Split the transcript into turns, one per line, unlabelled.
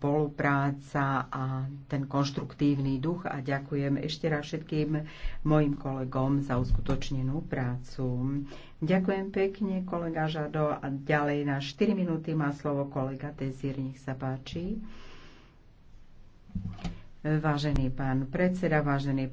spolupráca a ten konštruktívny duch a ďakujem ešte raz všetkým mojim kolegom za uskutočnenú prácu. Ďakujem pekne, kolega Žado. A ďalej na 4 minúty má slovo kolega Tezír. Nech sa páči. Vážený pán predseda, vážený